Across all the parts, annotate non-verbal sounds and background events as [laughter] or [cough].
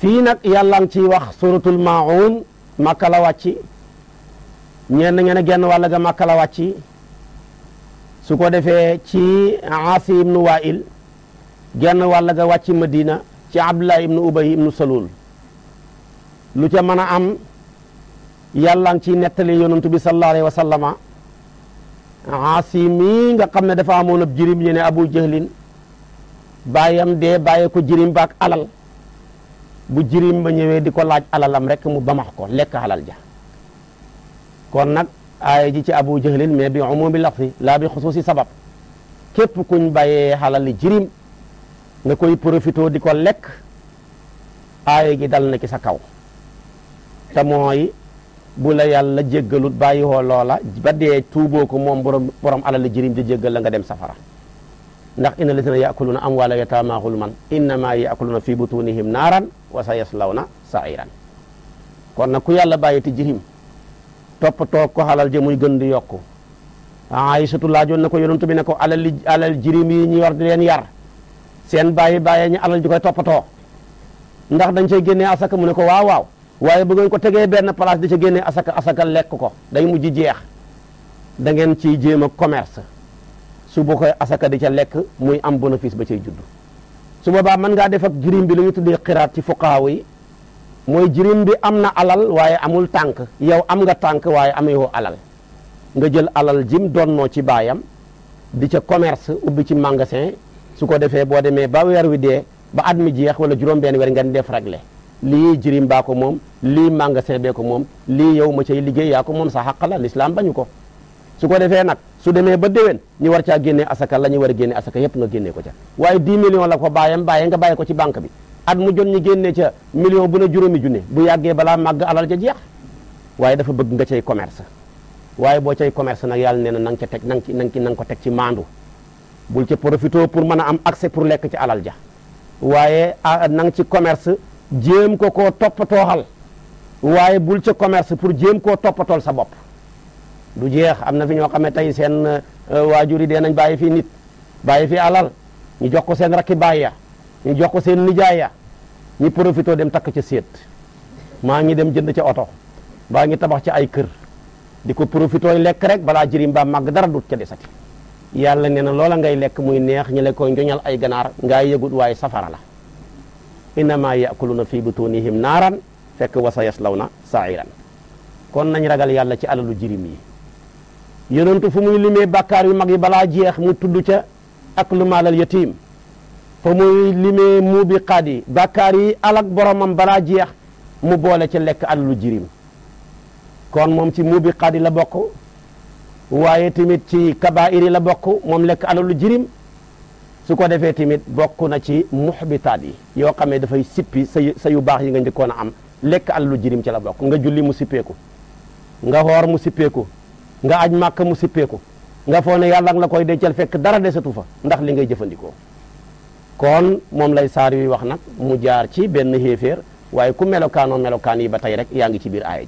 fii nag yàlla ngi ciy wax suratul maun makka la wàcci ñenn genn wàll ga makka la wàcci su ko defee ci aasi ibnu wail genn wàll ga wàcci madina ci abdullah ibnu ubay ibnu salul lu ca mën a am yàlla ngi ciy nettali yonantu bi sallallahu alayhi wa aasi mii nga xam ne dafa amoon ab jirim ñu ne abu jahlin bàyyam dee bàyyee ko jirim baak alal bu jirim ba ñëwee di ko laaj alalam rek mu bamax ko lekk alal ja kon nag aaya ci abu jahlin mais bi umumi lafzi laa bi xusuusi sabab képp kuñ bàyyee alali jirim nga koy profité di ko lekk aaya gi dal na ci sa kaw te mooy bu la yàlla jéggalut bàyyi woo loola ba dee tuuboo ko moom borom borom alali jirim di jéggal la nga dem safara ndax inna lazina yaakuluuna amwaala yataama xulman innama yaakuluuna fi butunihim naaran wa sa yaslawna sairan kon nag ku yàlla bàyyi ti jihim toppatoo ko xalal ja mu gën di yokku Aysatu laajoon na ko yonent bi ne ko alal li alal jirim yi ñu war di leen yar seen bàyyi bàyyi ñu alal ji koy toppatoo ndax dañ cay génnee asaka mu ne ko waaw waaw waaye bu ngeen ko tegee benn place di ca génnee asaka asaka lekk ko day mujj jeex da ngeen ciy jéem a commerce su bu koy asaka di ca lekk muy am bonofice ba cay juddu su boobaa mën ngaa def ak jirim bi lu ñu tuddee xiraat ci fuqaaw yi mooy jirim bi am na alal waaye amul tànk yow am nga tànk waaye amewoo alal nga jël alal jim donnoo ci baayam di ca commerce ubbi ci magasin su ko defee boo demee ba weer wi dee ba at mi jeex wala juróom-benn weer nga def le lii jirim baa ko moom lii magasin bee ko moom lii yow ma cay liggéey yaa ko moom sa xàq la lislaam bañu ko su ko defee nag su demee ba déwén ñu war caa génnee asaka la ñu war a génne asaka yëpp nga génnee ko ca waaye di millions la ko bàyyam bàyyee nga bàyyi ko ci banque bi at mu jot ñu génnee ca million bu ne juróomi junne bu yàggee balaa màgg alal ja jeex waaye dafa bëgg nga cay commerce waaye boo cay commerce nag yàlla nee na na nga ca teg na nga ci na nga ko teg ci maandu bul ca profité pour mën a am accès pour lekk ci alal ja waaye na nga ci commerce jéem ko koo toppatooxal waaye bul ca commerce pour jéem koo toppatool sa bopp du jeex am na fi ñoo xam ne tey seen euh, waajur yi dee nañ bàyyi fi nit bàyyi fi alal ñu jox ko seen rakki baay ya ñu jox ko seen nijaay ya ñu profité dem takk ca seet maa ngi dem jënd ca oto baa ngi tabax ci ay kër di ko profité lekk rek balaa jërim ba màgg dara dut ca desati yàlla nee na loola ngay lekk muy neex ñu la koy ay ganaar ngaa yëgut waaye safara la na fii bu fi butunihim naaran fekk wasa yaslawna sairan kon nañ ragal yàlla ci alalu jirim yi yonentu fu muy limee bàkkaar yu mag yi balaa jeex mu tudd ca ak lu maalal yatim fa muy limee muubiqaat yi bàkkaar yi alak boromam balaa jeex mu boole ca lekk alalu jirim kon moom ci muubiqaat yi la bokk waaye tamit ci kabaa'ir yi la bokk moom lekk alalu jirim su ko defee tamit bokk na ci muxbitaat yi yoo xam ne dafay sippi sa sa yu baax yi nga njëkkoon a am lekk alalu jirim ci la bokk nga julli mu sippeeku nga xoor mu sippeeku nga aj màkk mu sippeeku nga foo ne la koy dencal fekk dara desatu fa ndax li ngay jëfandikoo kon moom lay saar wi wax nag mu jaar ci benn xéeféer waaye ku melokaanoo melokaan yi ba tey rek yaa ngi ci biir aaya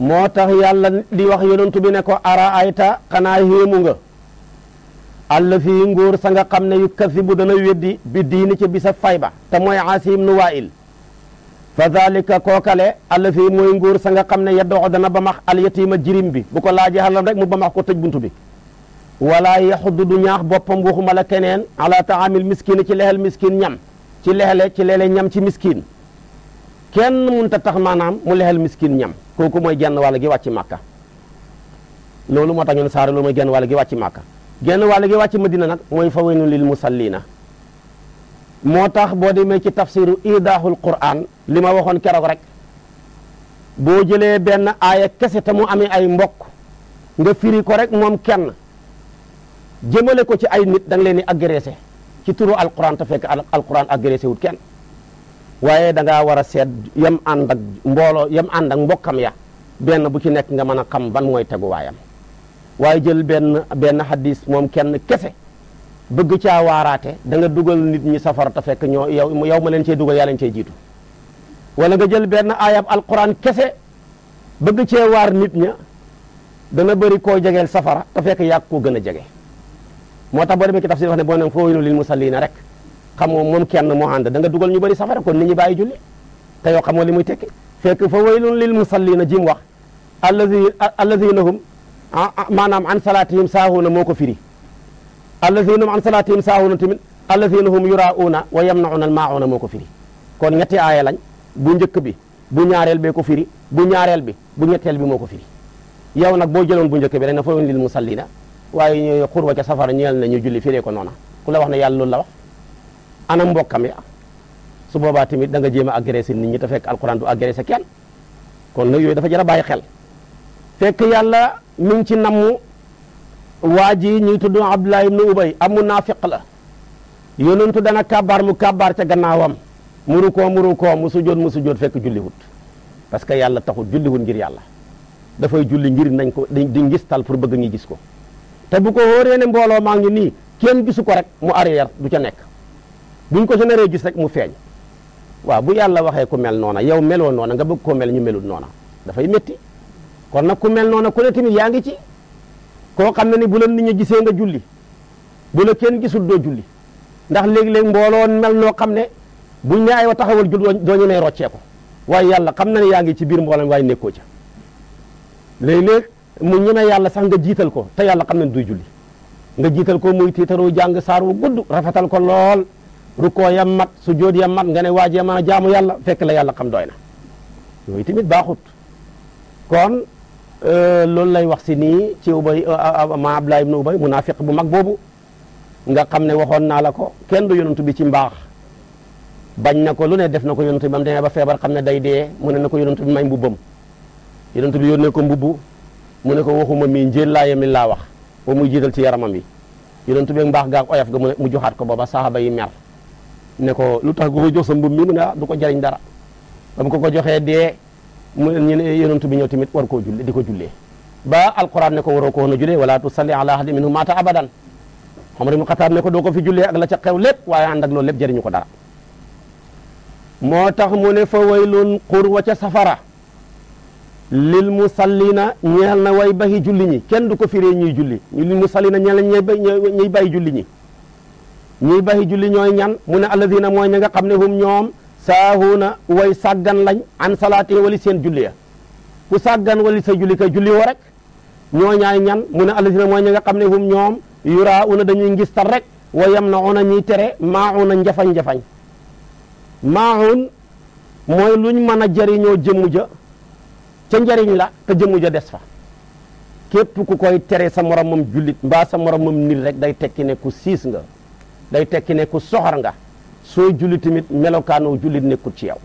moo tax yàlla di wax yonentu bi ne ko ara ayta xanaa xéemu nga àll fii nguur sa nga xam ne yu kasi bu dana weddi bi diini ci bisa fay ba te mooy asim nu waa fa zalika kookale fi mooy nguur sa nga xam ne yeddoo dana ba max al yatiima jirim bi bu ko laajee xalam rek mu ba max ko tëj bunt bi wala yaxuddu du ñaax boppam waxuma la keneen alaata taamil miskiin ci lexel miskiin ñam ci lexele ci leele ñam ci miskiin kenn mënut a tax maanaam mu lexel miskiin ñam kooku mooy genn wàll gi wàcc màkka loolu moo tax ñu ne saare loolu mooy genn wàll gi wàcc màkka genn wàll gi wàcc madina nag mooy fa waynu lil musallina moo tax boo demee ci tafsiru idaahul quran li ma waxoon keroog rek boo jëlee benn aaya kese ta mu amee ay mbok nga firi ko rek moom kenn jëmale ko ci ay nit da nga leen di agressé ci turu alquran te fekk alquran agressé wut kenn waaye da ngaa war a seet yam ànd ak mbooloo yam ànd ak mbokkam ya benn bu ci nekk nga mën a xam ban mooy teguwaayam waaye jël benn benn hadis moom kenn kese bëgg caa waaraate danga nga dugal nit ñi safara te fekk ñoo yow yow ma leen cee dugal yaa leen cee jiitu wala nga jël benn aayab alquran kese bëgg cee waar nit ña dana bëri koo jegeel safara te fekk yàgg koo gën a jege moo tax boo demee tafsir wax ne boo nag foo wéynu lil musallina rek xamoo moom kenn moo ànd da nga dugal ñu bari safara kon nit ñi bàyyi julli te yoo xamoo li muy tekki fekk fa waylun lil musallina jim wax allazi allazina hum maanaam an salatihim saahuuna moo ko firi allazina hum an salatihim saahuuna tamit allazina hum yuraa'uuna wa yamna'uuna al maa'uuna moo ko firi kon ñetti aaya lañ bu njëkk bi bu ñaareel bee ko firi bu ñaareel bi bu ñetteel bi moo ko firi yow nag boo jëloon bu njëkk bi rek na fa woon lil musallina waaye ñu xurwa ca safara ñeel na ñu julli firee ko noona ku la wax ne yàlla loolu la wax ana mbokkam ya su boobaa tamit da nga jéem a agressé nit ñi te fekk alquran du agressé kenn kon nag yooyu dafa jar a bàyyi xel fekk yàlla mi ngi ci namu waa ji ñuy tudd Abdullah ibnu Ubay am munaafiq la yonentu dana kàbbaar mu kàbbaar ca gannaawam mu rukoo mu rukoo mu sujjóot mu sujjóot fekk julliwut parce que yàlla taxul julliwut ngir yàlla dafay julli ngir nañ ko di ngistal pour bëgg ñu gis ko te bu ko wóoree ne mbooloo maa ngi nii kenn gisu ko rek mu arrière du ca nekk buñ ko généré gis rek mu feeñ waaw bu yàlla waxee ku mel noona yow meloo noona nga bëgg koo mel ñu melut noona dafay métti kon nag ku mel noona ku ne tamit yaa ngi ci koo xam ne ni bu la nit ñi gisee nga julli bu la kenn gisul doo julli ndax mbooloo mel noo xam ne buñ ne ay wa taxawal jul doo ñemee rocceeku waaye yàlla xam na ne yaa ngi ci biir mboolem waaye nekkoo ca léeg mu ñemee yàlla sax nga jiital ko te yàlla xam na ne duy julli nga jiital ko muy tiitaroo jàng saar wu gudd rafetal ko lool rukkoo ya mat su jóot ya mat nga ne waajee mën a jaamu yàlla fekk la yàlla xam doy na yooyu tamit baaxut kon euh, loolu lay wax si nii ci ubay euh, euh, ma abdulaay ibnu ubay munaafiq bu mag boobu nga xam ne waxoon naa la ko kenn du bi ci mbaax bañ na ko lu ne def na ko yonent bi ba mu demee xam ne day dee mu ne na ko yonent bi may mbubbam yonent bi yónnee ko mbubbu mu ne ko waxuma mii njéel laa yemi laa wax ba muy jiital ci yaramam yi yonent bi mbaax gaag oyof ga mu joxaat ko ba saxaaba yi mer ne ko lu tax ko jox sa mbub mi mu ne ah, du ko jariñ dara ba ko ko joxee dee mu ne ñu ne eh, yonent bi tamit war koo julle di ko jullee ba alquran ne ko waroo ko woon a jullee wala tusalli ala ahadin minhum maata abadan Umar ibn Xattaab ne ko doo ko fi jullee ak la ca xew lépp waaye ànd ak loolu lépp jëriñu ko dara moo tax mu ne fa waylun xur wa ca safara lil musallina ñeel na way bayi julli ñi kenn du ko firee ñuy julli lil musallina ñeel na ñay bay ñuy bàyyi julli ñi ñuy bayi julli ñooy ñan mu ne alladina mooy ña nga xam ne hum ñoom saahuuna way sàggan lañ an salaati wali seen julli sàggan wali sa julli kay rek ñooñaay ñan mu ne alladina mooy nga xam ne hum ñoom yuraa una dañuy ngistal rek wa yam na una ñuy tere maa una njafañ-njafañ maaxun mooy luñ mën a jariñoo jëmm ja ca njariñ la te jëmm ja des fa képp ku koy tere sa morom moromam jullit mbaa sa morom moromam nil rek day tekki ne ku siis nga day tekki ne ku soxor nga soo julli tamit melokaanoo jullit nekkul ci yow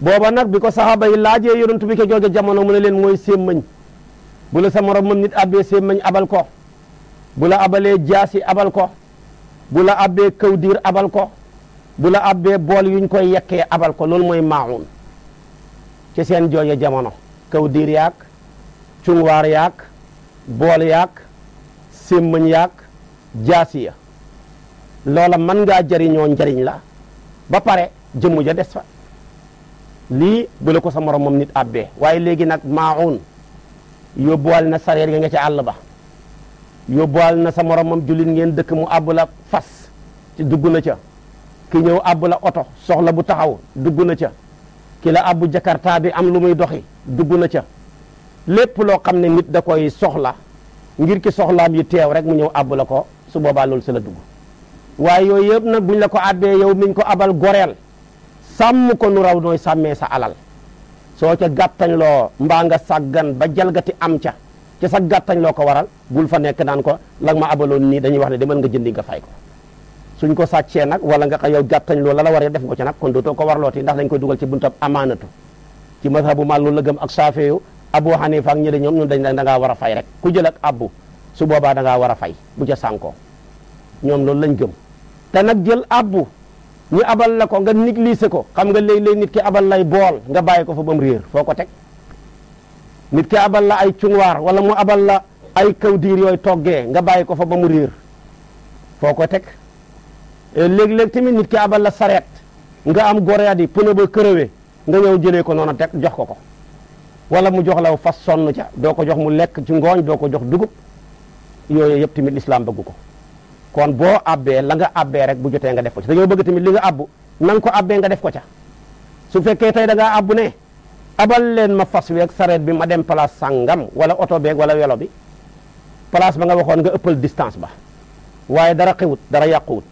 booba nag bi ko saxaaba yi laajee yonent bi ko jooja jamono mu na leen mooy sémmañ bu la sa moromam nit abbee sémmañ abal ko bu la abalee jaasi abal ko bu la abbee kaw diir abal ko bu la abbee bool yuñ koy yekkee abal ko loolu mooy maawun ci seen jooja jamono kaw diir yaak cunwaar yaak bool yaak sémmañ yaak jaasiya loola mën ngaa jariñoo njariñ la ba pare jëmm ja des fa lii bu la ko sa morom moom nit abbee waaye léegi nag maawun yóbbuwal na sareer ya nga ca àll ba yóbbuwal na sa moromam jullit ngeen dëkk mu àbb la fas ci dugg na ca ki ñëw àbb la oto soxla bu taxaw dugg na ca ki la àbbu jakarta bi am lu muy doxi dugg na ca lépp loo xam ne nit da koy soxla ngir ki soxlaam yu teew rek mu ñëw àbb la ko su boobaa loolu si la dugg waaye yooyu yëpp nag buñ la ko àbbee yow miñ ko abal goreel sàmm ko nu raw nooy sàmmee sa alal soo ca gàttañ loo mbaa nga sàggan ba jalgati am ca ca sa gàttañ loo ko waral bul fa nekk naan ko la ma abaloon nii dañuy wax ne demal nga jëndi nga fay ko suñ ko sàccee nag wala nga yow gàttañ loolu la la waree def nga ci nag kon dootoo ko warlooti ndax dañ koy dugal ci buntab amaanatu ci mazhabu mal loolu la gëm ak saafeyu abu hanifa ak ñi de ñoom ñun dañ da ngaa war a fay rek ku jël ak abbu su boobaa da war a fay bu ca sànkoo ñoom lool lañ gëm te nag jël abbu ñu abal la ko nga négliger ko xam nga léeg-léeg nit ki abal lay bool nga bàyyi ko fa ba mu réer foo ko teg nit ki abal la ay cunwaar wala mu abal la ay kaw yooyu toggee nga bàyyi ko fa ba mu réer foo ko teg Eh, léeg-léeg tamit nit ki abal la sareet nga am goreet yi pneu ba kërëwee nga ñëw jëlee ko noonu teg jox ko ko wala mu jox la fas sonn ca doo ko jox mu lekk ci ngooñ doo ko jox dugub yooyu yëpp tamit lislaam bëgg ko kon boo abbee la nga abbee rek bu jotee nga def ko ca dañoo bëgg tamit li nga abbu nang ko abbee nga def ko ca su fekkee tey da ngaa abbu ne abal leen ma fas week sareet bi ma dem place sàngam wala oto beeg wala welo bi place ba nga waxoon nga ëppal distance ba waaye dara xewut dara yàquwut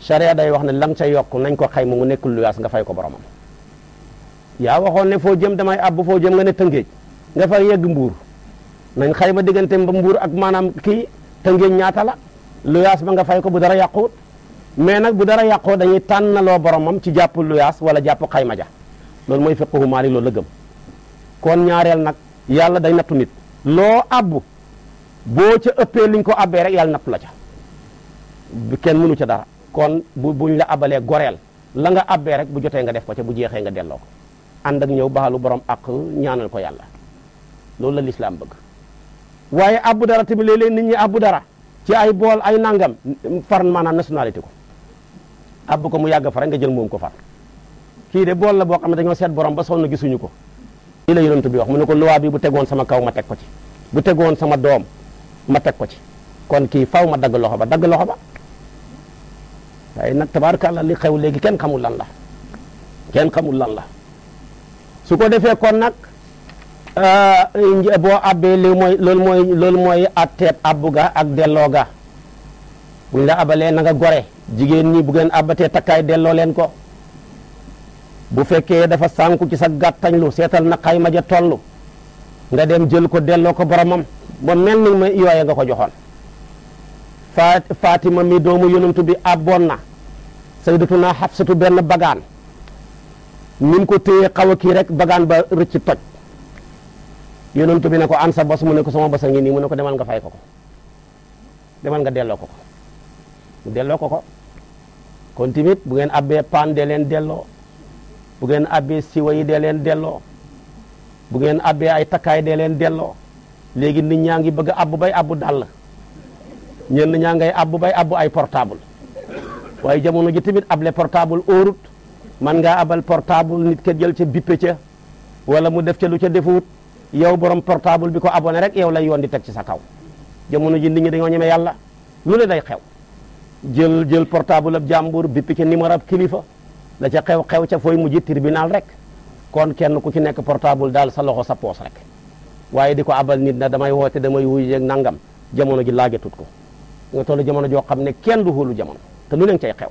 charia day wax ne lam ca yokk nañ ko xayma mu nekkul lu nga fay ko boromam yaa waxoon ne foo jëm damay àbb foo jëm nga ne tëngéej nga fay yegg mbuur nañ ma diggante ba mbuur ak maanaam kii tëngéej ñaata la lu yaas ba nga fay ko bu dara yàquwut mais nag bu dara yàqoo dañuy tànnaloo boromam ci jàpp lu yaas wala jàpp xayma ja loolu mooy fiqhu maali loolu la gëm kon ñaareel nag yàlla day nattu nit loo abbu boo ca ëppee liñ ko abbee rek yàlla nattu la ca kenn mënu ca dara kon bu buñ la abalee goreel la nga abbee rek bu jotee nga def ko ca bu jeexee nga delloo ko ànd ak ñëw baalu borom ak ñaanal ko yàlla loolu la lislaam bëgg waaye abbu dara tamit léeg-léeg nit ñi abbu dara ci ay bool ay nangam far maanaam nationalité ko abbu ko mu yàgg fa rek nga jël moom ko far kii de bool la boo xam ne dañoo seet borom ba na gisuñu ko lii la yonent bi wax mu ne ko waa bii bu tegoon sama kaw ma teg ko ci bu tegoon sama doom ma teg ko ci kon kii faw ma dagg loxo ba dagg loxo ba ay waaye nag tabaarkàlla li xew léegi kenn xamul lan la kenn xamul lan la su ko defee kon nag euh, boo abbee li mooy loolu mooy loolu mooy atteeb abbu ga ak delloo ga buñ la abalee na nga gore jigéen ñi bu ngeen abbatee takkaay delloo leen ko bu fekkee dafa sànku ci sa gàttañlu seetal na xayma ja toll nga dem jël ko delloo ko boromam moom mel ni ma yooye nga ko joxoon fa Fatima mi doomu yonantu bi abboon na sayyidatuna Xafsatu benn bagaan min ko téye xaw kii rek bagaan ba rëcc toj yonantu bi ne ko ansa sa bos mu ne ko sama bos a ngi nii mu ne ko demal nga fay ko ko demal nga delloo ko ko mu delloo ko ko kon tamit bu ngeen abbee paan dee leen delloo bu ngeen abbee siwa yi dee leen delloo bu ngeen abbee ay takkaay dee leen delloo léegi nit ñaa ngi bëgg abu abbu bay abbu dàll ñenn ñaa ngay abbu bay abbu ay portable waaye jamono ji tamit able portable óorut man nga abal portable nit ke jël ca bippe ca wala mu def ca lu ca defuwut yow borom portable bi ko abonné rek yow lay yoon di teg ci sa kaw jamono ji nit ñi dañoo ñeme yàlla lu ne day xew jël jël portable ab jàmbur bippe ca numéro ab kilifa la ca xew xew ca fooy mujj tribunal rek kon kenn ku ci nekk portable daal sa loxo sa poos rek waaye di ko abal nit na damay woote damay wuyu yeeg nangam jamono ji laaja ko nga toll jamono joo xam ne kenn du xóolu jamono te lu leen cay xew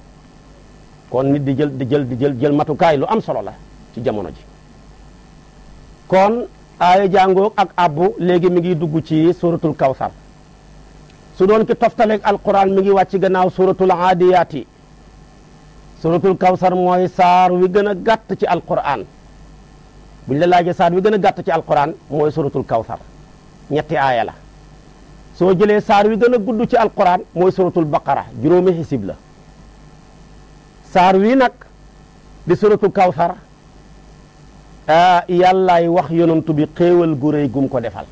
kon nit di jël di jël di jël jël lu am solo la ci jamono ji kon aaya jàngoog ak abbu léegi mi ngi dugg ci suratul kawsar su doon ki toftaleeg alquran mi ngi wàcc gannaaw suratul aadiyaati suratul kawsar mooy saar wi gën a gàtt ci alquran buñ la laajee saar wi gën a gàtt ci alquran mooy suratul kawsar ñetti aaya la soo jëlee saar wi gën a gudd ci alquran mooy suratul baqara juróomi xisib la saar wi nag di suratul kawsar yàllaay wax yonantu bi xéewal gu rëy gum ko defal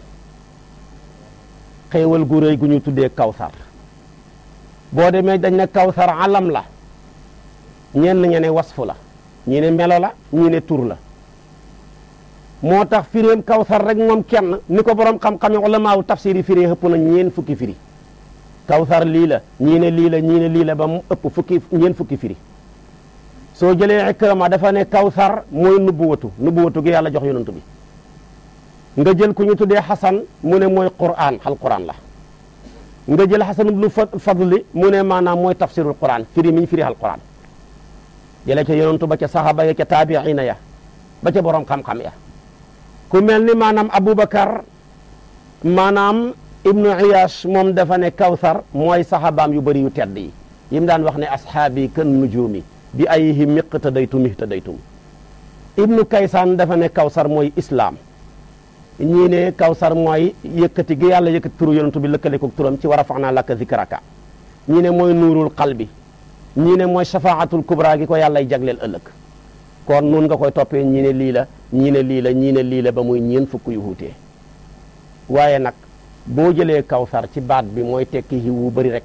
xéewal gu rëy gu ñu tuddee kawsar boo demee dañ na kawsar alam la ñenn ña ne wasfu la ñi ne melo la ñi ne tur la moo tax firéem kawsar rek moom kenn ni ko borom xam-xame ulamaaw tafsir yi firee ëpp na ñeen fukki firi kawsar lii la ñii ne lii la ñii ne lii la ba mu ëpp fukki ñeen fukki firi soo jëlee ikrama dafa ne kawsar mooy nubuwatu nubuwatu gi yàlla jox yonent bi nga jël ku ñu tuddee xasan mu ne mooy quraan xal quraan la nga jël xasan ibnu fadli mu ne maanaam mooy tafsirul quraan firi mi ñu firi xal quraan jëlee ca yonent ba ca saxaaba ya ca taabiina ya ba ca borom xam ku mel ni maanaam Aboubacar maanaam ibnu Iyaas moom dafa ne Kawsar mooy saxaabaam yu bari yu tedd yi yim daan wax ne asxaabi kan nujuumi bi ayyihi iqtadaytum ihtadaytum ibnu Kaysaan dafa ne Kawsar mooy islaam ñii ne Kawsar mooy yëkkati gi yàlla yëkkati turu yonentu bi lëkkale ko turam ci warafanaa laka zikraka ñii ne mooy nuurul qalbi ñii ne mooy shafaatul kubra gi ko yàllay jagleel ëllëg kon nun nga koy toppee ñii ne lii la ñii lii la ñii ne lii la ba muy ñeen fukk yu wuutee waaye nag boo jëlee kawsar ci baat bi mooy tekki xiw wu bëri rek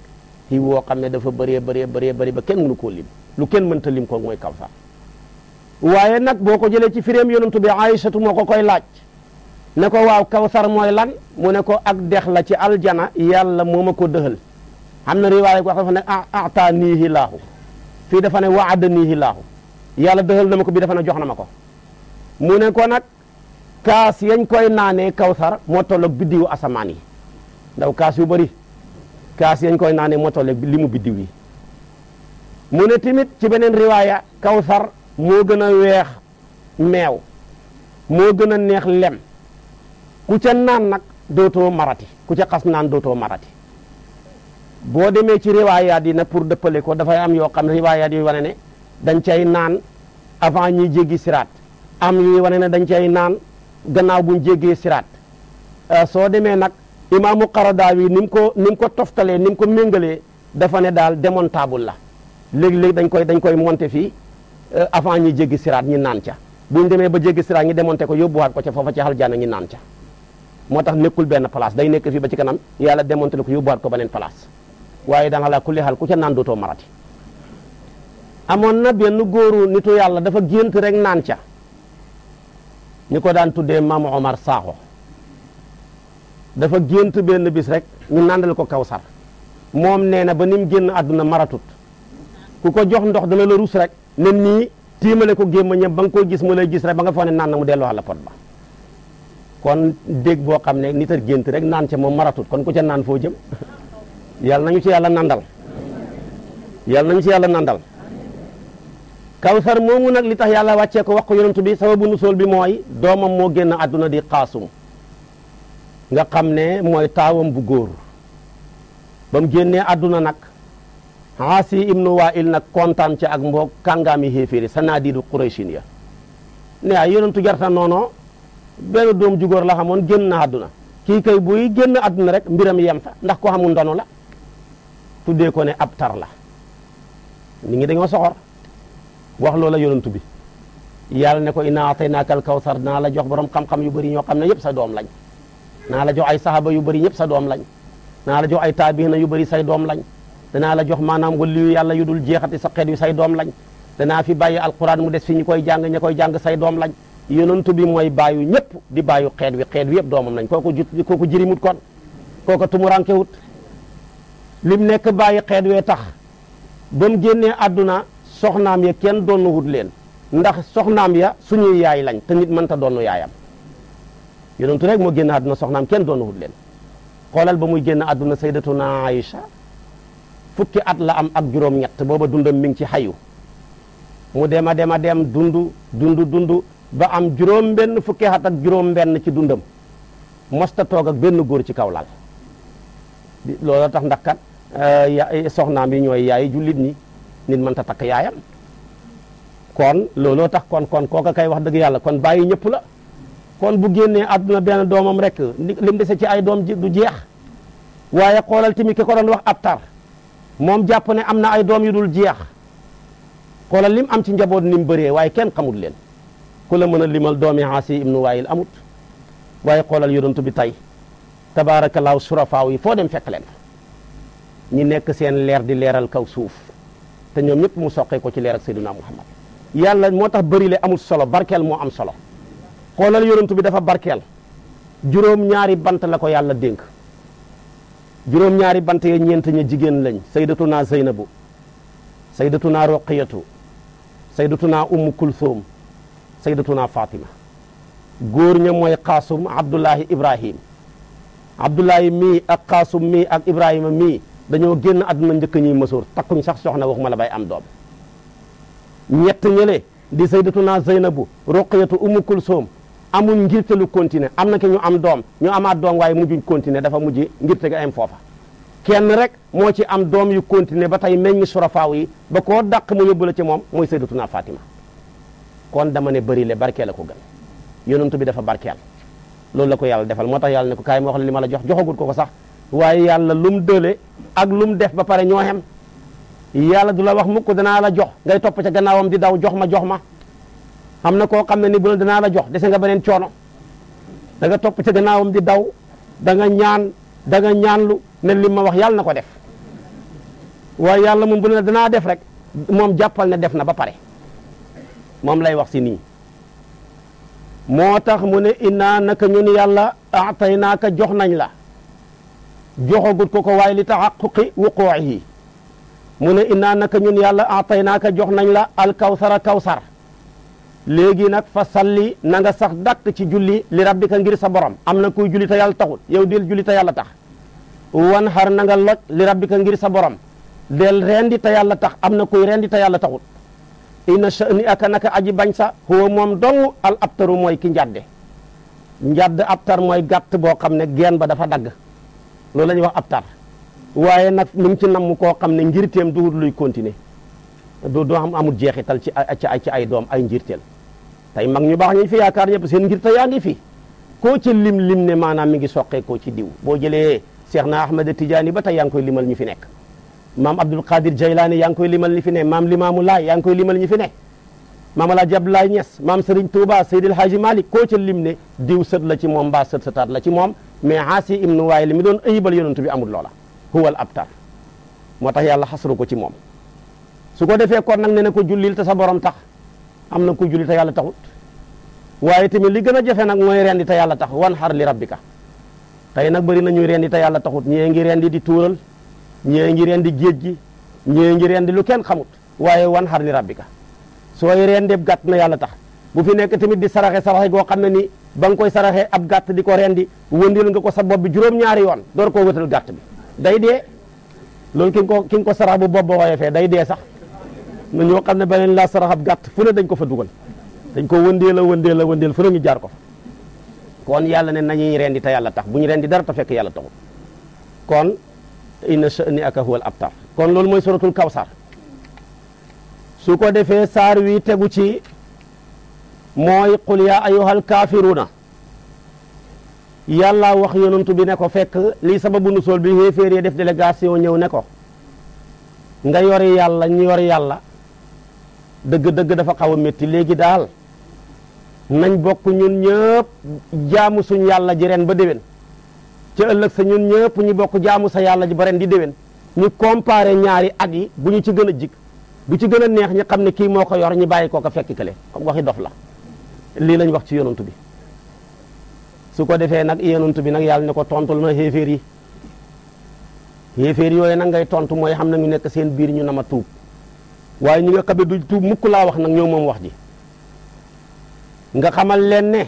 xiw woo xam ne dafa bëree bëree bëree bëri ba kenn lu ko lim lu kenn mënta lim ko mooy kawsar waaye nag boo ko jëlee ci firéem yonantu bi Aysatu moo ko koy laaj ne ko waaw kawsar mooy lan mu ne ko ak dex la ci aljana yàlla moo ma ko dëxal xam na riwaaya wax dafa ne ataaniihi laahu fii dafa ne waadaniihi laahu yàlla dëxal na ma ko bi dafa na jox na ma ko mu ne ko nag kaas yañ koy naanee kawsar moo tolloog biddiwu asamaan yi ndaw kaas yu bari kaas yañ koy naanee moo tolloog li mu biddiw yi mu ne tamit ci beneen riwaaya kawsar moo gën a weex meew moo gën a neex lem ku ca naan nag dootoo marati ku ca xas naan dootoo marati boo demee ci riwaayaat yi nag pour dëppale ko dafay am yoo xam riwaayaat yi wane ne dañ cay naan avant ñuy jéggi siraat am yuy wane ne dañ naan gannaaw buñ jéggee siraat euh, soo demee nag imaamu Qaradaawi ni mu ko ni mu ko toftalee ni mu ko méngalee dafa ne daal démontable la léegi-léegi dañ koy dañ koy monter fii euh, avant ñuy jéggi siraat ñi naan ca buñ demee ba jéggi siraat ñi démonter ko yóbbuwaat ko ca foofa ca aljanna ñi naan ca moo tax nekkul benn place day nekk fii ba ci kanam yàlla démonter ko yóbbuwaat ko beneen place waaye da nga laa kulli xaal ca naan dootoo amoon na benn góoru nitu yàlla dafa gént rek naan ca ñu ko daan tuddee maam Omar Sakho dafa gént benn bis rek ñu nandal ko kawsar moom nee na ba ni mu génn àdduna maratut ku ko jox ndox dana la rus rek ne nii tiimale ko gémmañam ba nga koo gis mu lay gis rek ba nga foog ne naan na mu delloo la pot ba kon dégg boo xam ne nit a gént rek naan ca moom maratut kon ku ca naan foo jëm yàlla nañu ci yàlla nandal yàlla nañu ci yàlla nandal kawsar moomu nag li tax yàlla wàccee ko wax ko yonantu bi sababu nusool bi mooy doomam moo génn àdduna di xaasum nga xam ne mooy taawam bu góor ba mu génnee àdduna nag xaasi ibnu waa'il nag kontaan ca ak mboog kàngaami xéeféeri sanaadiidu quraysin ya ne ay yonantu jarta noono benn doom ju góor la xamoon génn na àdduna kii kay buy génn àdduna rek mbiram yem fa ndax ko xamul ndono la tuddee ko ne ab tar la nit ñi dañoo soxor wax loola yonantu bi yàlla ne ko inaa ataynaaka al kawsar naa la jox borom xam-xam yu bëri ñoo xam ne yëpp sa doom lañ naa la jox ay sahaba yu bëri ñëpp sa doom lañ naa la jox ay taabiina yu bëri say doom lañ danaa la jox maanaam waliyu yàlla yu dul jeexati sa xeet yu say doom lañ danaa fi bàyyi alquran mu des fi ñu koy jàng ña koy jàng say doom lañ yonantu bi mooy bàyyu ñëpp di bàyyu xeet wi xeet wi yëpp doomam lañ ko ju kooku jirimut kon kooku tumurankewut lim nekk bàyyi xeet wee tax ba mu àdduna soxnaam ya kenn donnuwut leen ndax soxnaam ya suñuy yaay lañ te nit mënta donnu yaayam yonentu rek moo génn àdduna soxnaam kenn donnuwut leen xoolal ba muy génn àdduna saydatuna Aïcha fukki at la am ak juróom-ñett booba dundam mi ngi ci xayu mu dem a dem a dem dund dund dund ba am juróom-benn fukki at ak juróom-benn ci dundam mosta toog ak benn góor ci kaw lal loolu tax ndax kat euh, soxnaam yi ñooy yaay jullit ñi. nit mënta takk yaayam kon looloo tax kon kon kooka kay wax dëgg yàlla kon bàyyi ñëpp la kon bu génnee àdduna benn doomam rek lim dese ci ay doom du jeex waaye xoolal tamit ki ko doon wax abtar moom jàpp ne am na ay doom yu dul jeex xoolal lim am ci njaboot ni mu waaye kenn xamul leen ku la mën a limal doomi Aasi ibnu Waayil amut waaye xoolal yonent bi tey tabaarakallaahu surafaaw yi foo dem fekk leen ñi nekk seen leer di leeral kaw suuf te ñoom ñëpp mu soqee ko ci leer ak Seydina Muhammad yàlla moo tax bëri le amul solo barkeel moo am solo xoolal yonent bi dafa barkeel juróom ñaari bant la ko yàlla dénk juróom ñaari bant ye ñeent ña jigéen lañ saydatuna Zeynabu saydatuna Roqiyatu saydatuna Umm Kulthum saydatuna Fatima góor ña mooy Qasum Abdullahi Ibrahim Abdullahi mii ak Qasum mii ak Ibrahima mii dañoo génn àdduna njëkk ñuy mësuur takkuñ sax soxna waxuma la bay am doom ñett ñële di sayyidatuna Zeynabu Ruqiyatu Umu soom amuñ ngirte lu continuer am na ki ñu am doom ñu amaat doom waaye mujjuñ continuer dafa mujj ngirte ga am foofa kenn rek moo ci am doom yu continuer ba tey meññ faa yi ba koo dàq mu yóbbu la ci moom mooy sayyidatuna Fatima kon dama ne bari le barkeel la ko gën yonent bi dafa barkeel loolu la ko yàlla ko kaay ma wax la li ma la jox joxagut ko ko sax waaye yàlla lu mu dële ak lu mu def ba pare ñoo xem yàlla du la wax mukk danaa la jox ngay topp ca gannaawam di daw jox ma jox ma xam na koo xam ne ni bu la danaa la jox dese nga beneen coono da nga topp ca gannaawam di daw da nga ñaan da nga ñaanlu ne li ma wax yàlla na ko def waaye yàlla moom bu ne danaa def rek moom jàppal ne def na ba pare moom lay wax si nii moo tax mu ne inaa naka ñun yàlla atay naaka jox nañ la joxagut ko ko waaye li taxaquqi wuquuhi mu ne innaa naka ñun yàlla ataynaaka jox nañ la alkawsara kawsar léegi nag fa salli nanga sax dàkk ci julli li rabbika ngir sa borom am na kuy julli te yàlla taxul yow del julli te yàlla tax wan xar na nga loj li rabbika ngir sa borom del rendi te yàlla tax am na kuy rendi te yàlla taxul inna sha'ni aka naka aji bañ sa huwa moom dong al abtaru mooy ki njadde njadd abtar mooy gàtt boo xam ne geen ba dafa dagg loolu la ñuy wax ab tar waaye nag lu mu ci namm koo xam ne ngirteem du luy continuer du doo xam amu jeexital ci ay ci ay doom ay ngirteel tay mag ñu baax ñu fi yaakaar ñëpp seen ngirte yaa ngi fi koo ci lim lim ne maanaam mi ngi soqee koo ci diw boo jëlee Cheikh na Ahmad Tidiane ba tey yaa ngi koy limal ñu fi nekk maam Abdul Qadir Jaylaani yaa ngi koy limal ñu fi ne maam Limaamu Laay yaa ngi koy limal ñu fi ne maam Alaaji Abdoulaye Niass maam Serigne Touba Seydil Haaji Malick koo ci lim ne diw sët la ci moom mbaa sët sëtaat la ci moom mais Aasi ibnu waaye li mi doon ayibal yonent bi amul loola huwal abtar moo tax yàlla xasru ko ci moom su ko defee kon nag ne ko julli ta sa borom tax am na ko julli te yàlla taxut waaye tamit li gën a jafe nag mooy rendi te yàlla tax wan xar li rabbika tey nag bëri na ñuy rendi te yàlla taxut ñee ngi rendi di tuural ñee ngi rendi géej gi ñee ngi rendi lu kenn xamut waaye wan xar li rabbika sooy rendeb gàtt na yàlla tax bu fi nekk tamit di saraxe saraxe goo xam na ni ba nga koy saraxee ab gàtt di ko rendi wëndeel nga ko sa bopp bi juróom-ñaari yoon door koo wëtal gàtt bi day dee lool ki ko ki ko sarax bu bopp ba woyofee day dee sax na ñoo kam ne beneen laa sarax ab gàtt fu ne dañ ko fa dugal dañ ko wëndeel a wëndeel a wëndeel fu ne ñu jaar ko kon yàlla ne nañuy rendi te yàlla tax bu ñu rendi dara te fekk yàlla taxul kon inna shani'aka huwal abtar kon loolu mooy suratul kawsar su ko defee saar wi tegu ci mooy qul yaa ayyuhal na yàlla wax yonantu bi ne ko fekk lii sababu nu sol bi xéeféer yi def délégation ñëw ne ko nga yori yàlla ñu yori yàlla dëgg-dëgg dafa xaw metti léegi daal nañ bokk ñun ñëpp jaamu suñ yàlla ji ren ba déwén ci ëllëg sa ñun ñëpp ñu bokk jaamu sa yàlla ji ba ren di déwén ñu comparé ñaari at yi bu ñu ci gën a jig bu ci gën a neex ñu xam ne kii moo ko yor ñu bàyyi koo ko fekk kale waxi dof la lii lañ wax ci yonantu bi su ko defee nag yonantu bi nag yàlla ne ko tontul ma xéeféer yi xéeféer yooyu nag ngay tontu mooy xam na ñu nekk seen biir ñu nama ma tuub waaye ñu nga xabe du tuub mukk laa wax nag ñoo moom wax ji nga xamal leen ne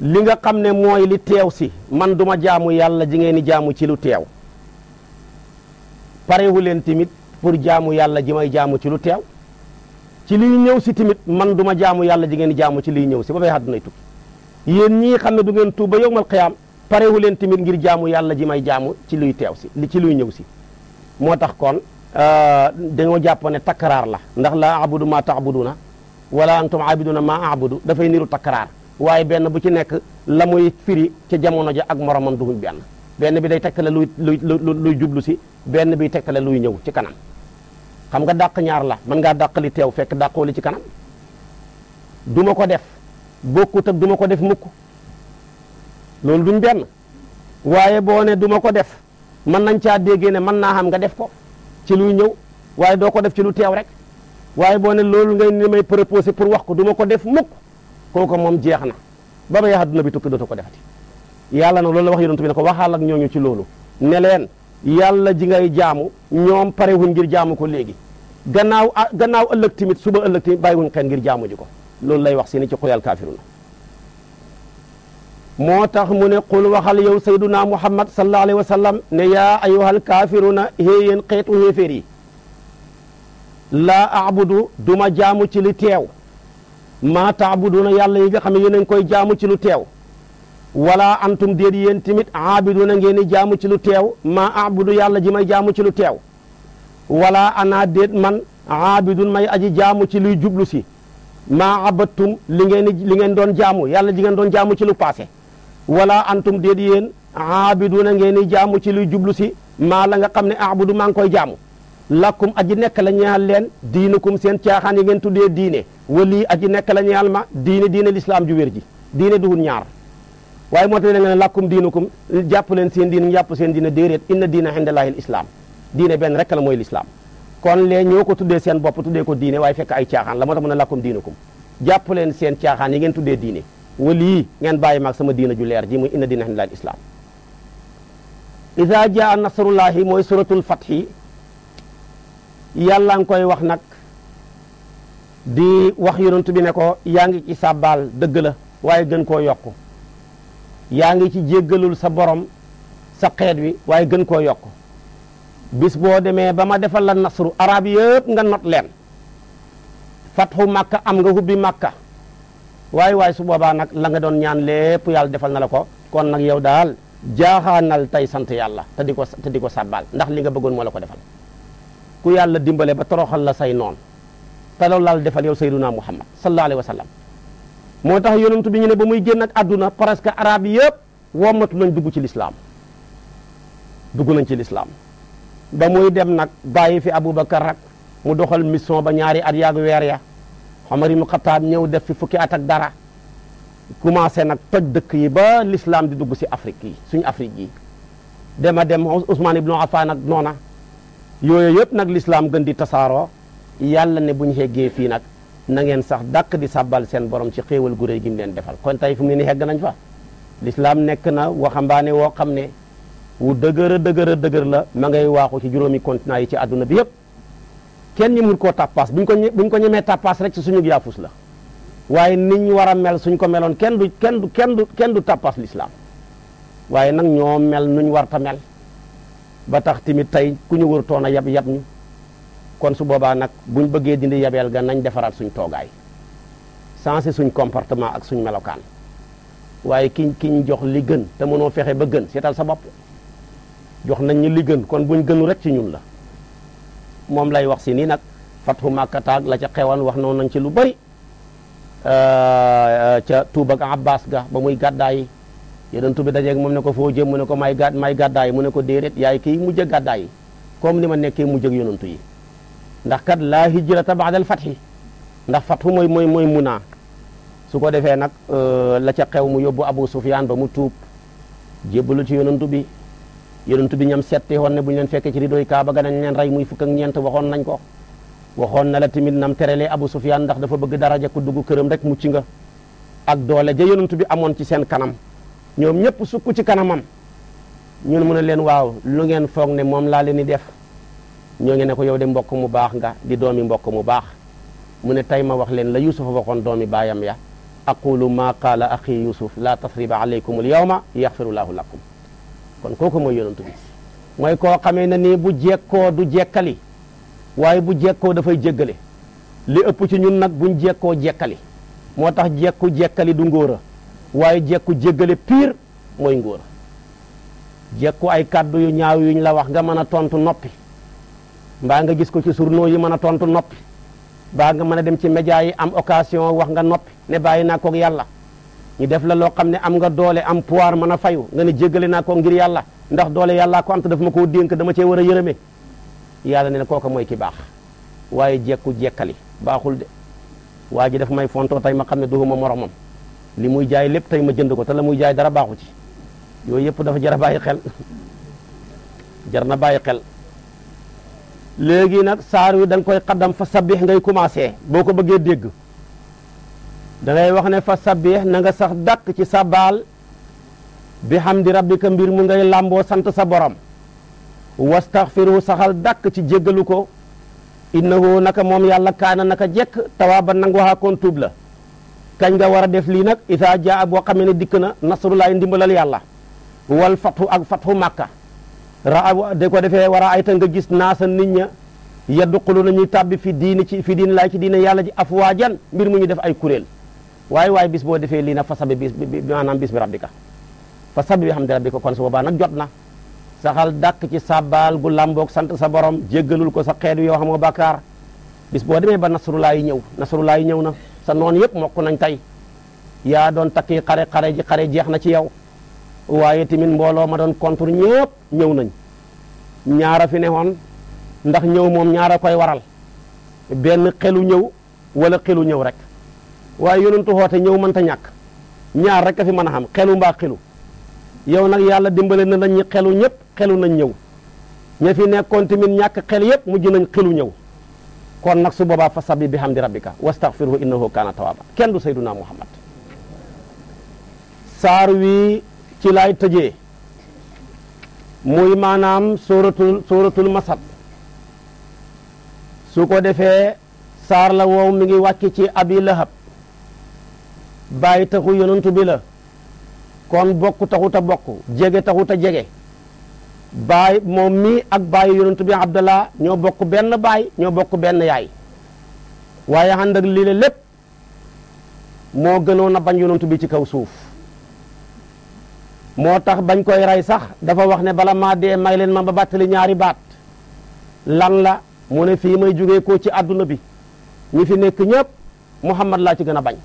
li nga xam ne mooy li teew si man duma jaamu yàlla ji ngeen di jaamu ci lu teew parewu leen tamit pour jaamu yàlla ji may jaamu ci lu teew ci liy ñëw si tamit man du ma jaamu yàlla ji ngeen jaamu ci luy ñëw si ba fay àddunay tukki yéen ñii xam ne du ngeen tuub ba yowmal qiyaam parewu leen tamit ngir jaamu yàlla ji may jaamu ci luy teew si li ci luy ñëw si moo tax kon euh, dañoo jàpp ne takkaraar la ndax la abudu ma taabuduna wala antum abiduna ma abudu dafay niru takkaraar waaye benn bu ci nekk la muy firi ca jamono ja ak moromam duhuñ benn benn bi day tegtale luy luy luy jublu si benn bi tegtale luy ñëw ci kanam xam nga dàq ñaar la mën ngaa dàq li teew fekk dàqoo li ci kanam du ko def bokkut ak du ma ko def mukk loolu duñ benn waaye boo ne du ko def mën nañ caa déggee ne mën naa xam nga def ko ci luy ñëw waaye doo ko def ci lu teew rek waaye boo ne loolu ngay ni may proposé pour wax ko du ko def mukk kooku moom jeex na ba ba yax adduna bi tukki dootu ko defati yàlla na loolu la wax yonent bi ne ko waxaal ak ñooñu ci loolu ne yàlla ji ngay jaamu ñoom pare wuñ ngir jaamu ko léegi gannaaw a ah, gannaaw ëllëg tamit suba ëllëg tamit bàyyi wuñ xel ngir jaamu ji ko loolu lay wax si ni ci xuyal kaafiruna moo tax mu ne qul waxal yow sayduna muhammad sallallahu alayhi wa sallam ne yaa ayyuhal kaafiruna yéen xeetu xéeféer yi la abudu duma jaamu ci li teew maa taabuduna yàlla yi nga xam ne yéen a koy jaamu ci lu teew wala antum déet yéen tamit aabiduna ngeen di jaamu ci lu teew maa aabudu yàlla ji may jaamu ci lu teew wala ana déet man aabidun may aji jaamu ci luy jublu si maa abattum li ngeen li ngeen doon jaamu yàlla ji doon jaamu ci lu paase wala antum déet yéen aabiduna ngeen di jaamu ci luy jublu si maa la nga xam ne aabudu maa ngi koy jaamu lakkum aji nekk la ñaal leen diinukum seen caaxaan yi tu tuddee diine wali aji nekk la ñaal ma diine diine lislaam ju wér ji diine duhun ñaar waaye moo tax leen làkkum diinukum jàpp leen seen diin jàpp seen diina déeréet inna diina indallahi lislaam diine benn rek la mooy lislaam kon lee ñoo ko tuddee seen bopp tuddee ko diine waaye fekk ay caaxaan la moo tax mën a làkkum diinukum jàpp leen seen caaxaan yi ngeen tuddee diine walii ngeen bàyyi maag sama diina ju leer ji muy inna diina indallahi lislaam iza jaa nasrullahi mooy suratul fathi yàlla nga koy wax nag di wax yonent bi ne ko yaa ngi ci sàbbaal dëgg la waaye gën koo yokk yaa ngi ci jéggalul sa borom sa xeet wi waaye gën koo yokk bis boo demee ba ma defal la nasru arab yëpp nga not leen fatxu màkka am nga hubbi màkka waaye waaye su boobaa nag la nga doon ñaan lépp yàlla defal na la ko kon nag yow daal jaaxaanal tey sant yàlla te di ko te di ko sàbbaal ndax li nga bëggoon moo la ko defal ku yàlla dimbale ba toroxal la say noon te loolu laal defal yow sayyiduna muhammad sallallahu alayhi wa sallam moo tax yonent bi ñu ne ba muy génn ak àdduna presque arab yëpp wommatu nañ dugg ci lislaam dugg nañ ci lislaam ba muy dem nag bàyyi fi Aboubacar rek mu doxal mission ba ñaari at yaag weer ya Omar ibn ñëw def fi fukki at ak dara commencé nag toj dëkk yi ba l'islam di dugg si Afrique yi suñu Afrique yi dema dem Ousmane ibn Affan ak noona yooyu yëpp nag l'islam gën di tasaaroo yàlla ne bu ñu xeggee fii nag na ngeen sax dàkk di sàbbal seen borom ci xéewal gu réy gi mu leen defal kon tey fu mu ne ni hegg nañ fa lislaam nekk na waxambaane woo xam ne wu dëgër a dëgër dëgër la ma ngay waaxu ci juróomi continent yi ci àdduna bi yëpp kenn ñi mun koo tàppaas buñ ko buñ ko ñemee tappaas rek ci suñu yaafus la waaye nit ñu war a mel suñ ko meloon kenn du kenn du kenn du kenn du tàppaas lislaam waaye nag ñoo mel nuñ war mel ba tax tamit tey ku ñu wër toon yab yab ñu kon su boobaa nag bu ñu bëggee dindi yabeel ga nañ defaraat suñ toogaay sensé suñ comportement ak suñ melokaan waaye ki ñu jox li gën te mënoo fexe ba gën seetal sa bopp jox nañ ñu li gën kon buñ gënu rek ci ñun la moom lay wax si nii nag fatxu màkkataag la ca xewan wax noon nañ ci lu bari euh, ca Tuuba ak Abbas ga ba muy gàddaay yonent bi dajeeg moom ne ko foo jëm mu ne ko may gàd may gàddaay mu ne ko déedéet yaay kii mu mujj gàddaay comme ni ma nekkee mu ak yonent yi ndax kat laa hijrata ba'dal fathi ndax fathu mooy mooy mooy munaa su ko defee nag euh, la ca xew mu yóbbu Abu Sufyaan ba mu tuub jébbalu ci yonantu bi yonantu bi ñam setti woon ne bu ñu leen fekkee ci ridoy kaa ga nañ leen rey muy fukk ak ñeent waxoon nañ ko waxoon na la tamit nam terelee Abu Sufyaan ndax dafa bëgg daraja ku duggu këram rek mu ci nga ak doole ja yonantu bi amoon ci seen kanam ñoom ñëpp sukk ci kanamam ñun mu ne leen waaw lu ngeen foog ne moom laa leen di def ñoo ngi ne ko yow de mbokk mu baax nga di doomi mbokk mu baax mu ne tey ma wax leen la yusufa waxoon doomi baayam ya aqulu ma qaala axi yusuf la tasriba alaykum al yawma yaxfirullahu lakum kon kooku mooy yonantu bi mooy koo xamee ne nii bu jekkoo du jekkali waaye bu jekkoo dafay jéggale li ëpp ci ñun nag buñ jekkoo jekkali moo tax jekku jekkali du ngóor a waaye jekku jéggale piir mooy ngóor a jekku ay kàddu yu ñaaw yuñ la wax nga mën a tontu noppi mbaa nga gis ko ci journaux yi mën a tontu noppi baa nga mën a dem ci média yi am occasion wax nga noppi ne bàyyi naa koog yàlla ñu def la loo xam ne am nga doole am pouvoir mën a fayu nga ne jéggale naa ko ngir yàlla ndax doole yàllaa ko am te daf ma koo dénk dama cee war a yërëme yàlla ne na kooka mooy ki baax waaye jekku jekkali baaxul de waa ji daf may fontoo tey ma xam ne duhuma moromam li muy jaay lépp tey ma jënd ko te la muy jaay dara baaxu ci yooyu yëpp dafa jar a bàyyi xel [laughs] jar bàyyi xel léegi nag saar wi danga koy xaddam fa sabbix ngay commencé boo ko bëggee dégg dangay wax ne fa sabbix na nga sax dàkk ci sa baal bi hamdi rabbika mbir mu ngay làmboo sant sa borom wastaxfiru saxal dàkk ci jéggalu ko innahu naka moom yàlla kaana naka jekk tawaaba nangu waxaa koon tuub la kañ nga war a def lii nag isaa jaa boo xamee ne dikk na nasrullaay ndimbalal yàlla wal fatxu ak fatxu màkka raa de ko defe waraa a ayta nga gis naasa nit ña yadduqulu na ñuy tàbbi fi diini ci fi diin laay ci diine yàlla ji afwaajan mbir mu ñu def ay kuréel waaye waaye bis boo defee lii nag fa sabi bis maanaam bis mi rabbika fa sabi bi hamdi rabbika kon su boobaa nag jot na sa saxal dàkk ci sabaal gu làmboog sant sa borom jéggalul ko sa xeet yoo xam nga bàkkaar bis boo demee ba nasrulaa yi ñëw nasrulaa yi ñëw na sa noon yëpp mokk nañ tey yaa doon takki xare xare ji xare jeex na ci yow waaye tamit mbooloo ma doon contre ñëpp ñëw nañ ñaara fi newoon ndax ñëw moom ñaara koy waral benn xelu ñëw wala xelu ñëw rek waaye yonentu xoote ñëw mënta ñàkk ñaar rek a fi mën a xam xelu mbaa xelu yow nag yàlla dimbale na la ñi xelu ñëpp xelu nañ ñëw ña fi nekkoon tamit ñàkk xel yëpp mujj nañ xelu ñëw kon nag su boobaa fa sabbi bi hamdi rabbika wastaghfirhu innahu kaana tawaaba kenn du sayyiduna muhammad saar wi ci laay tëje muy maanaam sóoratul sóoratul masad su ko defee saar la woow mi ngi wàcc ci abi lahab bàyyi taxu yonantu la kon bokk taxut a bokk jege taxut a jege baay moom mii ak baayu yonantu bi abdallah ñoo bokk benn baay ñoo bokk benn yaay waaye ànd ak lii lépp moo gënoon a bañ yonantu bi ci kaw suuf moo tax bañ koy rey sax dafa wax ne bala maa dee may leen ma ba bàttali ñaari baat lan la mu ne fii may jógee ko ci adduna bi ñi fi nekk ñëpp Muhammad laa ci gën a bañ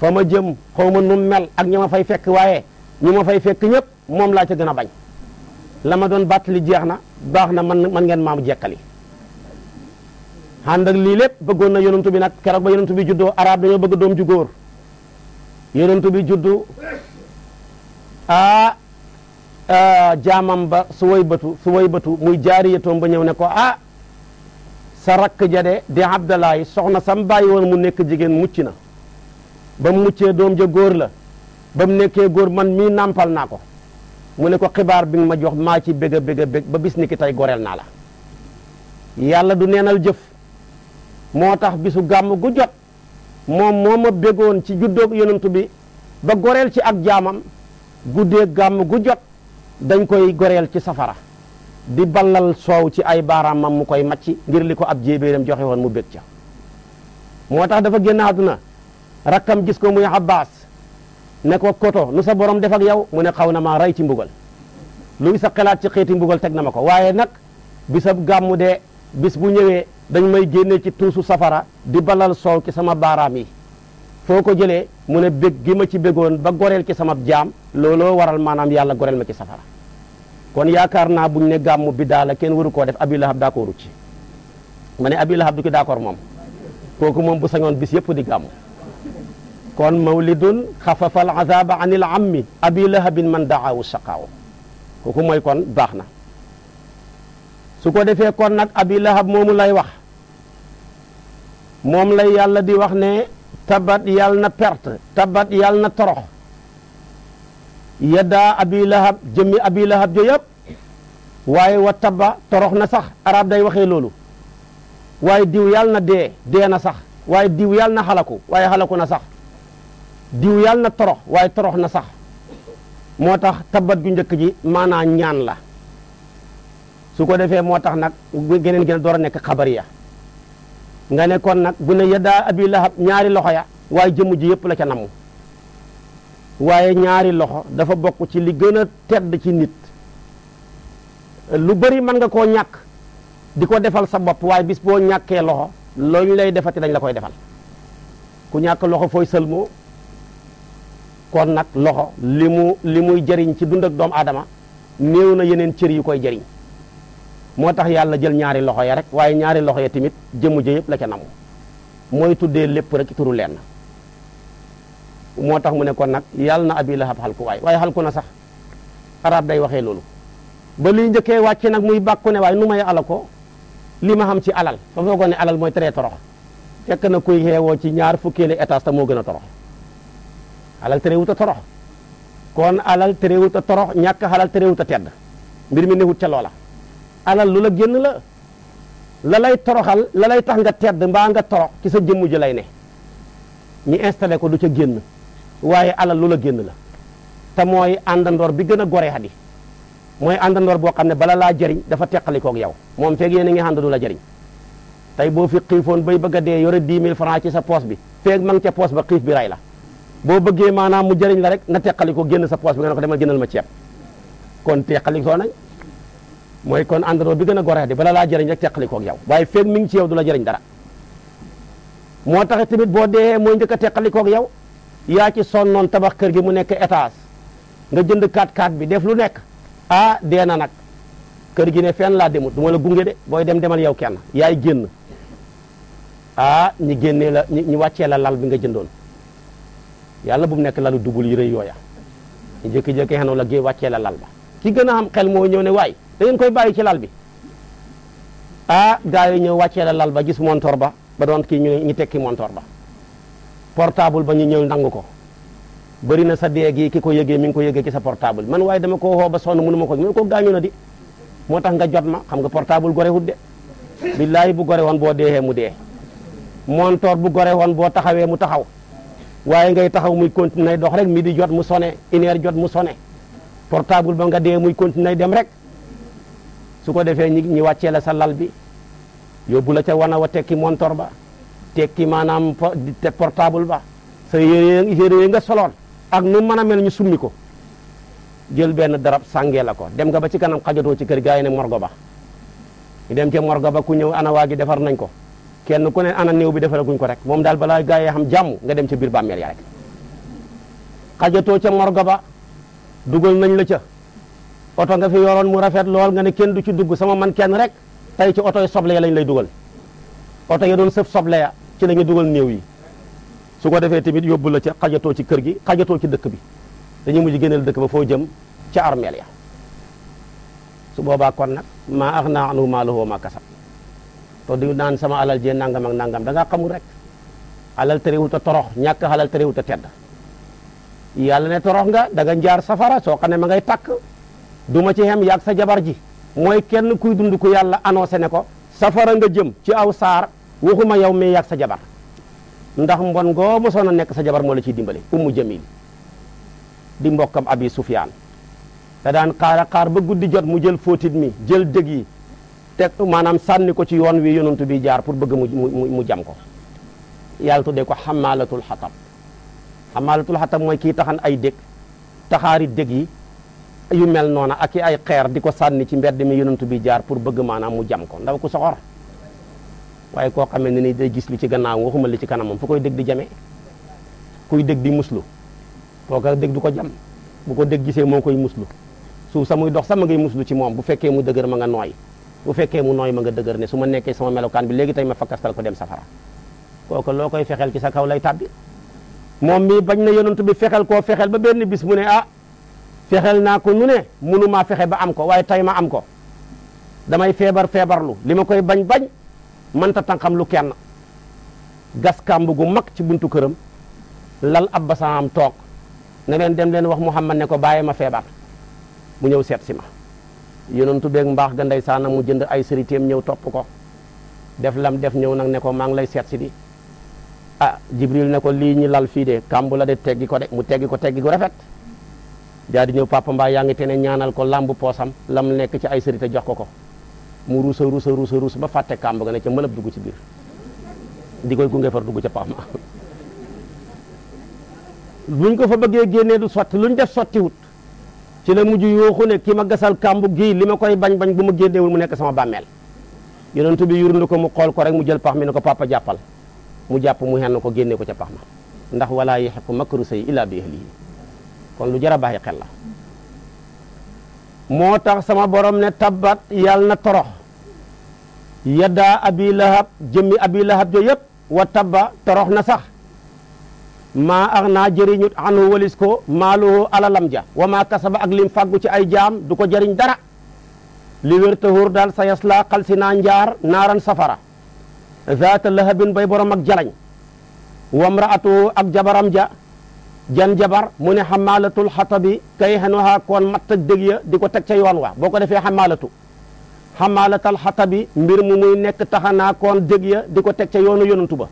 fa ma jëm xaw ma nu mel ak ña ma fay fekk waaye ñi ma fay fekk ñëpp moom laa ci gën a bañ la ma doon bàttali jeex na baax na man man ngeen maamu jekkali ànd ak lii lépp bëggoon na yonentu bi nag keroog ba yonentu bi juddoo arab dañoo bëgg doom ju góor yonentu bi juddu ah jaamam ba su way batu su way batu muy jaariyatoom ba ñëw ne ko ah sa rakk jade di abdalaayi soxna sam bàyyi woon mu nekk jigéen mucc na ba muccee doom ja góor la ba mu nekkee góor man mii nàmpal naa ko mu ne ko xibaar bi ma jox maa ci bég a ba bis ni ki tey goreel naa la yàlla du neenal jëf moo tax bisu gàmm gu jot moom moo ma bégoon ci juddoog yonantu bi ba goreel ci ak jaamam guddee gàmm gu jot dañ koy goreel ci safara di ballal soow ci ay baaraamam mu koy macc ngir li ko ab jébéeram joxe woon mu bég ca moo tax dafa génn àdduna rakkam gis ko muy Abbas ne ko koto nu sa borom def ak yow mu ne xaw na maa rey ci mbugal luy sa xalaat ci xeeti mbugal teg na ma ko waaye nag bisab gàmmu dee bis bu ñëwee dañ may génne ci tuusu safara di balal soow ci sama baaraam yi foo ko jëlee mu ne bég gi ma ci bëggoon ba goreel ci sama jaam looloo waral maanaam yàlla goreel ma ci safara kon yaakaar naa buñ ne gàmmu bi daala kenn waru koo def abi lahab d'accordu ci ma ne abi lahab du ki d'accord moom kooku moom bu sañoon bis yëpp di gàmmu kon mawlidun xafafa al azaba an il ammi abi lahabin man daawu saqaaw kooku mooy kon baax na su ko defee kon nag abi lahab moomu lay wax moom lay yàlla di wax ne tabat yàlla na perte tabat yàlla na torox yaddaa abi lahab jëmmi abi lahab waaye wa taba torox na sax arab day waxee loolu waaye diw yàlla na dee dee na sax waaye diw yàlla na xalaku waaye xalaku na sax diw yàlla na torox waaye torox na sax moo tax tabat gu njëkk ji maanaa ñaan la su ko defee moo tax nag geneen gën a door a nekk xabar ya nga ne kon nag bu ne yaddaa abi lahab ñaari loxo ya waaye jëmm ji yëpp la ca namu waaye ñaari loxo dafa bokk ci li gën a tedd ci nit lu bari mën nga koo ñàkk di ko defal sa bopp waaye bis boo ñàkkee loxo looñu lay defati dañ la koy defal ku ñàkk loxo fooy sëlmoo kon nag loxo li mu li muy jariñ ci dund doomu aadama néew na yeneen cër yu koy jariñ moo tax yàlla jël ñaari loxo ya rek waaye ñaari loxo ya tamit jëmu ja yëpp la ca namu mooy tuddee lépp rek turu lenn moo tax mu ne kon nag yàlla na abi lahab xalku waay waaye xalku na sax arab day waxee loolu ba liy njëkkee wàcc nag muy bàkku ne waaye nu may ala ko li ma xam ci alal fa foogoon ne alal mooy très torox fekk na kuy xeewoo ci ñaar fukkeeli étage te moo gën a torox alal terewut a torox kon alal terewut a torox ñàkk alal terewut a tedd mbir mi newut ca loola alal lu la génn la la lay toroxal la lay tax nga tedd mbaa nga torox ci sa jëmm ji lay ne ñu installé ko du ca génn waaye alal lu la génn la te mooy àndandoor bi gën a goree xadi mooy àndandoor boo xam ne bala laa jëriñ dafa teqalikoog yow moom feeg yéen a ngi du la jëriñ tey boo fi xiifoon bay bëgg a dee yore 10 000 francs ci sa poos bi feeg ma ngi ca ba xiif bi ray la boo bëggee maanaam mu jëriñ la rek na teqalikoo génn sa poos bi nga ne ko demal jëndal ma ceeb kon teqalikoo nañ mooy kon àndandoo bi gën a goreedi bala laa jëriñ rek teqali koog yow waaye feeg mi ngi ci yow du la jëriñ dara moo tax tamit boo dee mooy njëkk a teqali koog yow yaa ci sonnoon tabax kër gi mu nekk etaas nga jënd 4 kaat bi def lu nekk ah dee na nag kër gi ne fen laa demut du ma la gunge de booy dem demal yow kenn yaay génn ah ñi génnee la ñi wàccee la lal bi nga jëndoon yàlla bu mu nekk lalu dugul yi rëy yooya ñu jékki-jékki xenoo la gée wàccee la lal ba ki gën a am xel moo ñëw ne waay da ngeen koy bàyyi ci lal bi ah gaa yi ñëw wàccee la lal ba gis montor ba ba doon kii ñu ñu tekki montor ba portable ba ñu ñëw nangu ko bëri na sa dee gi ki ko yëgee mi ngi ko yëgee ci sa portable man waaye dama ko woo ba sonn mënu ma ko mënu ko gaañu na di moo tax nga jot ma xam nga portable gore wut de billaahi bu gore woon boo deexee mu dee montor bu gore woon boo taxawee mu taxaw waaye ngay taxaw muy continuer dox rek midi jot mu sone une jot mu sone portable ba dee muy continuer dem rek su ko defee ñi ñi wàccee la sa lal bi yóbbu la ca wana wa tekki montor ba tekki maanaam portable ba sa yére yére nga soloon ak nu mën a mel ñu summi ko jël benn darab sàngee la ko dem nga ba ci kanam xajatoo ci kër gaa yi ne morgo ba ñu dem ca morgo ba ku ñëw ana waa gi defar nañ ko kenn ku ne ana néew bi defaraguñ ko rek moom daal balaa gaa yi xam jàmm nga dem ca biir bàmmeel ya rek xajatoo ca morgo ba dugal nañ la ca oto nga fi yoroon mu rafet lool nga ne kenn du ci duggu sama man kenn rek tey ci oto yi soble ya lay dugal oto ya doon sëf soble ya ci la ñuy dugal néew yi su ko defee tamit yóbbu la ca xajatoo ci kër gi xajatoo ci dëkk bi dañuy mujj génneel dëkk ba foo jëm ca armeel ya su boobaa kon nag maa aghnaa anhu maaluhu wa maa kasab to di naan sama alal jee nangam ak nangam da ngaa xamul rek alal terewut a torox ñàkk alal terewut a tedd yàlla ne nga da jaar safara soo xam ne ma ngay tàkk du ma ci xem yàgg sa jabar ji mooy kenn kuy dund ku yàlla annoncé ne ko safara nga jëm ci aw saar waxuma yow mi yàgg sa jabar ndax mbon ngoo mosoon a nekk sa jabar moo la ciy dimbale ummu jamil di mbokkam abi sufyaan te daan xaar kaar ba guddi jot mu jël footit mi jël dëg yi teg maanaam sànni ko ci yoon wi yonantu bi jaar pour bëgg mu mu jam ko yàlla tuddee ko xamaalatul xatab xamaalatul xatab mooy kii taxan ay dëg taxaari dëg yi yu mel noona ak i ay di ko sànni ci mbedd mi yonent bi jaar pour bëgg maanaam mu jam ko ndaw ku soxor waaye koo xamee ni day gis lu ci gannaaw waxuma li ci kanamam fu koy dégg di jamee kuy dégg di muslu kooka dégg du ko jam bu ko dégg gisee moo koy muslu suuf sa muy dox sama ngay muslu ci moom bu fekkee mu dëgër ma nga nooy bu fekkee mu nooy ma nga dëgër ne su ma nekkee sama melokaan bi léegi tey ma fakkastal ko dem safara kooka loo ci sa kaw lay tàbbi moom mii bañ na yonent bi fexeel mu ne ah fexeel naa ko nu ne mënumaa fexe ba am ko waaye tay ma am ko damay feebar feebarlu li ma koy bañ bañ mënta tànqam lu kenn gas kàmb gu mag ci buntu këram lal ab basaam toog ne leen dem leen wax Muhammad ne ko bàyyi ma feebar mu ñëw seet si ma yonentu beeg mbaax ga ndey ndeysaan mu jënd ay sëritéem ñëw topp ko def lam def ñëw nag ne ko maa ngi lay seet si di ah Jibril ne ko lii ñi lal fii de kambu la de teggi ko de mu teggi ko teggi gu rafet daa di ñëw papa mbaa yaa ngi te ne ñaanal ko lamb poosam lam nekk ci ay sërite jox ko ko mu ruusa ruusa ruusa ruus ba fàtte kàmb ga ne ca mëlëb dugg ci biir di koy gunge far dugg ca pax ma [laughs] ko fa bëggee génnee du sotti luñ def sottiwut ci la mujj yooxu ne ki ma gasal kàmb gii li ma koy bañ bañ bu ma génneewul mu nekk sama bàmmeel yonent bi yurundu ko mu xool ko rek mu jël pax mi ne ko papa jàppal mu jàpp mu henn ko génne ko ca pax ma ndax walaa yahiqu makru say illa bi kon lu jar a bàyyi xel la moo tax sama borom ne tabbat yàlla na torox yaddaa abi lahab jëmmi abi lahab jo yëpp wa tabba torox na sax ma ax naa jëriñut anu walis ko maaluhu ja wa maa kasaba ak lim fàggu ci ay jaam du ko jëriñ dara li wér ta daal sa yas laa xal si njaar naaran safara zaata lahabin bay borom ak jalañ wamraatuhu ak jabaram ja jan jabar mu ne xamaalatul xatabi kay xenuhaa koon matt ak dég di ko teg ca yoon wa boo ko defee xamaalatu xamaalatal xatabi mbir mu muy nekk taxanaa koon dég ya di ko teg ca yoonu yonantu ba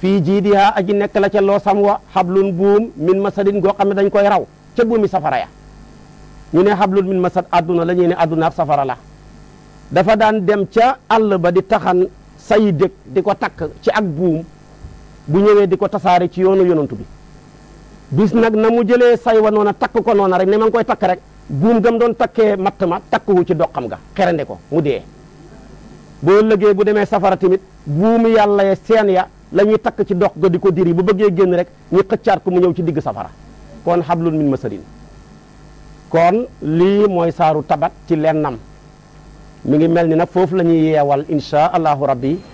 fii jiidihaa aji nekk la ca loo sam wa xablun buum min masadin goo xam ne dañ koy raw ca buumi safara ya ñu ne xablun min masad àdduna la ñuy ne àdduna safara la dafa daan dem ca àll ba di taxan sayi dég di ko takk ci ak buum bu ñëwee di ko tasaare ci yoonu yonantu bi bis nag na mu jëlee say wa noona takk ko noona rek ne ma ngi koy takk rek buum gam doon takkee matt ma takkuwu ci xam ga xerande ko mu dee boo lëggee bu demee safara tamit buumu yàlla ye seen ya lañuy takk ci dox ga di ko diri bu bëggee génn rek ñu xëccaat ko mu ñëw ci digg safara kon hablun min masadin kon lii mooy saaru tabat ci leen nam mu ngi mel ni nag foofu la ñuy yeewal insha allahu rabbi